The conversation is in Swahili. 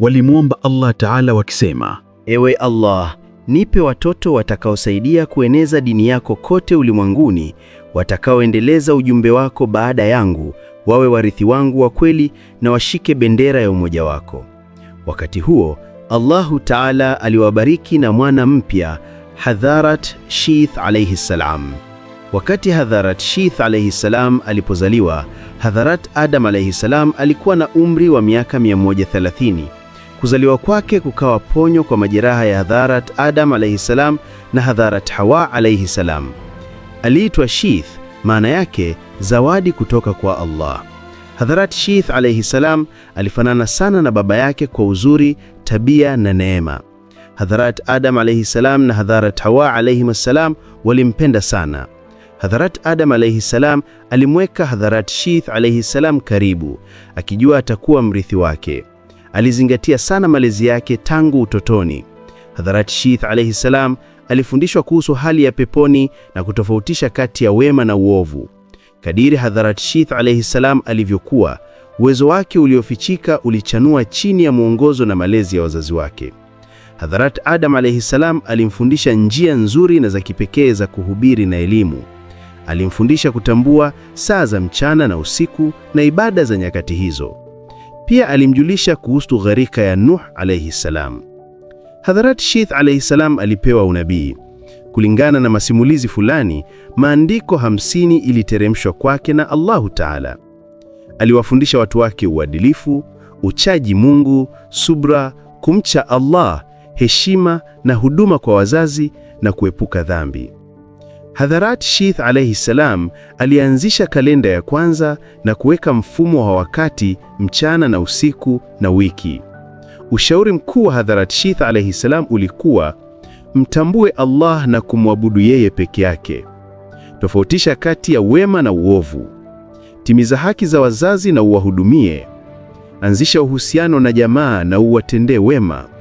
walimwomba Allah Taala wakisema, ewe Allah, nipe watoto watakaosaidia kueneza dini yako kote ulimwenguni, watakaoendeleza ujumbe wako baada yangu, wawe warithi wangu wa kweli na washike bendera ya umoja wako. Wakati huo Allahu Taala aliwabariki na mwana mpya Hadharat Shith alayhi salam. Wakati Hadharat Shith alayhi salam alipozaliwa, Hadharat Adam alayhi salam alikuwa na umri wa miaka 130 Kuzaliwa kwake kukawa ponyo kwa majeraha ya Hadharat Adam alayhi salam na Hadharat Hawa alayhi salam. Aliitwa Shith, maana yake zawadi kutoka kwa Allah. Hadharat Shith alayhi salam alifanana sana na baba yake kwa uzuri, tabia na neema. Hadharat Adam alayhi salam na Hadharat Hawa alayhi salam walimpenda sana. Hadharat Adam alayhi salam alimweka Hadharat Shith alayhi salam karibu, akijua atakuwa mrithi wake alizingatia sana malezi yake tangu utotoni. Hadhrat Shith alayhi salam alifundishwa kuhusu hali ya peponi na kutofautisha kati ya wema na uovu. Kadiri Hadhrat Shith alayhi salam alivyokuwa, uwezo wake uliofichika ulichanua chini ya mwongozo na malezi ya wazazi wake. Hadhrat Adam alayhi salam alimfundisha njia nzuri na za kipekee za kuhubiri na elimu. Alimfundisha kutambua saa za mchana na usiku na ibada za nyakati hizo. Pia alimjulisha kuhusu gharika ya Nuh alayhi salam. Hadharat sheth alayhi salam alipewa unabii. Kulingana na masimulizi fulani, maandiko hamsini iliteremshwa kwake na Allahu Taala. Aliwafundisha watu wake uadilifu, uchaji Mungu, subra, kumcha Allah, heshima na huduma kwa wazazi na kuepuka dhambi. Hadharat Shith alayhi salam alianzisha kalenda ya kwanza na kuweka mfumo wa wakati, mchana na usiku na wiki. Ushauri mkuu wa Hadharat Shith alayhi salam ulikuwa mtambue Allah na kumwabudu yeye peke yake. Tofautisha kati ya wema na uovu. Timiza haki za wazazi na uwahudumie. Anzisha uhusiano na jamaa na uwatendee wema.